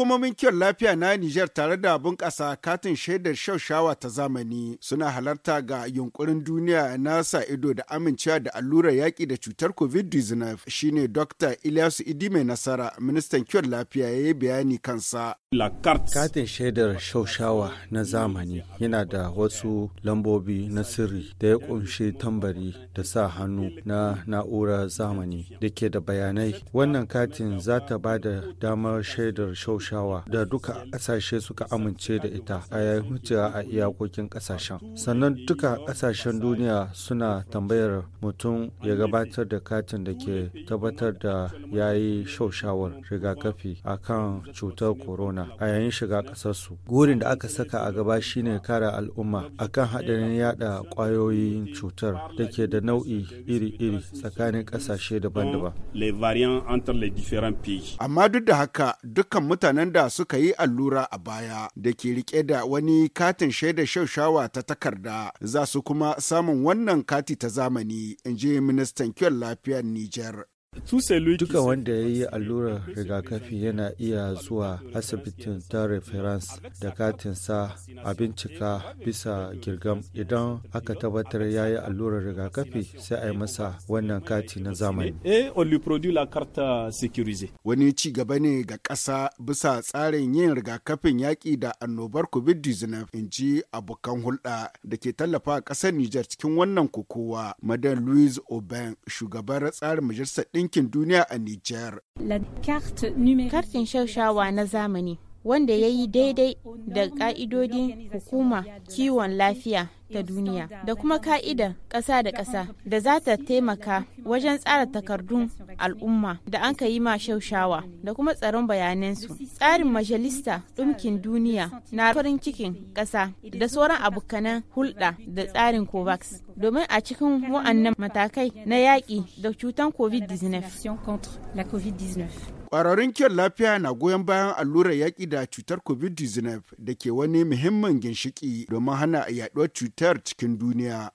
Hukumomin kiwon lafiya na Nijar tare da bunƙasa katin shaidar shaushawa ta zamani suna halarta ga yunkurin duniya na sa ido da amincewa da allurar yaƙi da cutar COVID-19 shine Dr. Ilyasu Idi mai nasara ministan kiwon lafiya ya yi bayani kansa. Katin shaidar shaushawa na zamani yana da wasu lambobi na sirri da ya kunshi tambari da sa hannu na na'urar zamani da ke da bayanai. Wannan katin za ta ba da damar shaidar shaushawa da duka ƙasashe suka amince da ita a yayin mutuwa a iyakokin ƙasashen. Sannan duka ƙasashen duniya suna tambayar mutum ya gabatar da katin da ke tabbatar da yayi shaushawar rigakafi akan cutar corona. a yayin shiga ƙasarsu. Gurin da aka saka a gaba shine kare al'umma akan haɗarin yada ƙwayoyin cutar da ke da nau'i iri-iri tsakanin ƙasashe daban-daban. Amma duk da haka dukkan mutanen da suka yi allura a baya da ke riƙe da wani katin shau shaushawa ta takarda za su kuma samun wannan kati ta zamani, in ji ministan kiwon lafiyar Nijar. Duka wanda ya yi allurar rigakafi yana iya zuwa asibitin ta reference da katin sa a bincika bisa girgam idan aka tabbatar ya yi allurar rigakafi sai a yi masa wannan kati na zamani. Eh, Wani ci gaba ne ga ƙasa bisa tsarin yin rigakafin yaƙi da annobar COVID-19 in ji abokan hulɗa da ke tallafa ƙasar Nijar cikin wannan kokowa. Madan Louise Oben shugabar tsarin majalisar ɗin Bankin Duniya a Nijar. Kartin shaushawa na zamani wanda ya yi daidai da ƙa'idodin hukuma kiwon lafiya ta duniya da kuma ka'idar ƙasa da ƙasa da za ta taimaka wajen tsara takardun al'umma da an ka yi ma shaushawa da kuma tsaron bayanansu tsarin majalista ɗumkin duniya na farin cikin ƙasa da sauran abokanan hulɗa da tsarin covax domin a cikin wa'annan matakai na yaƙi da cutar covid-19 Ƙwararrun kiwon lafiya na goyon bayan allurar yaƙi da cutar COVID-19 da ke wani muhimmin ginshiki domin hana yaɗuwar cutar cikin duniya.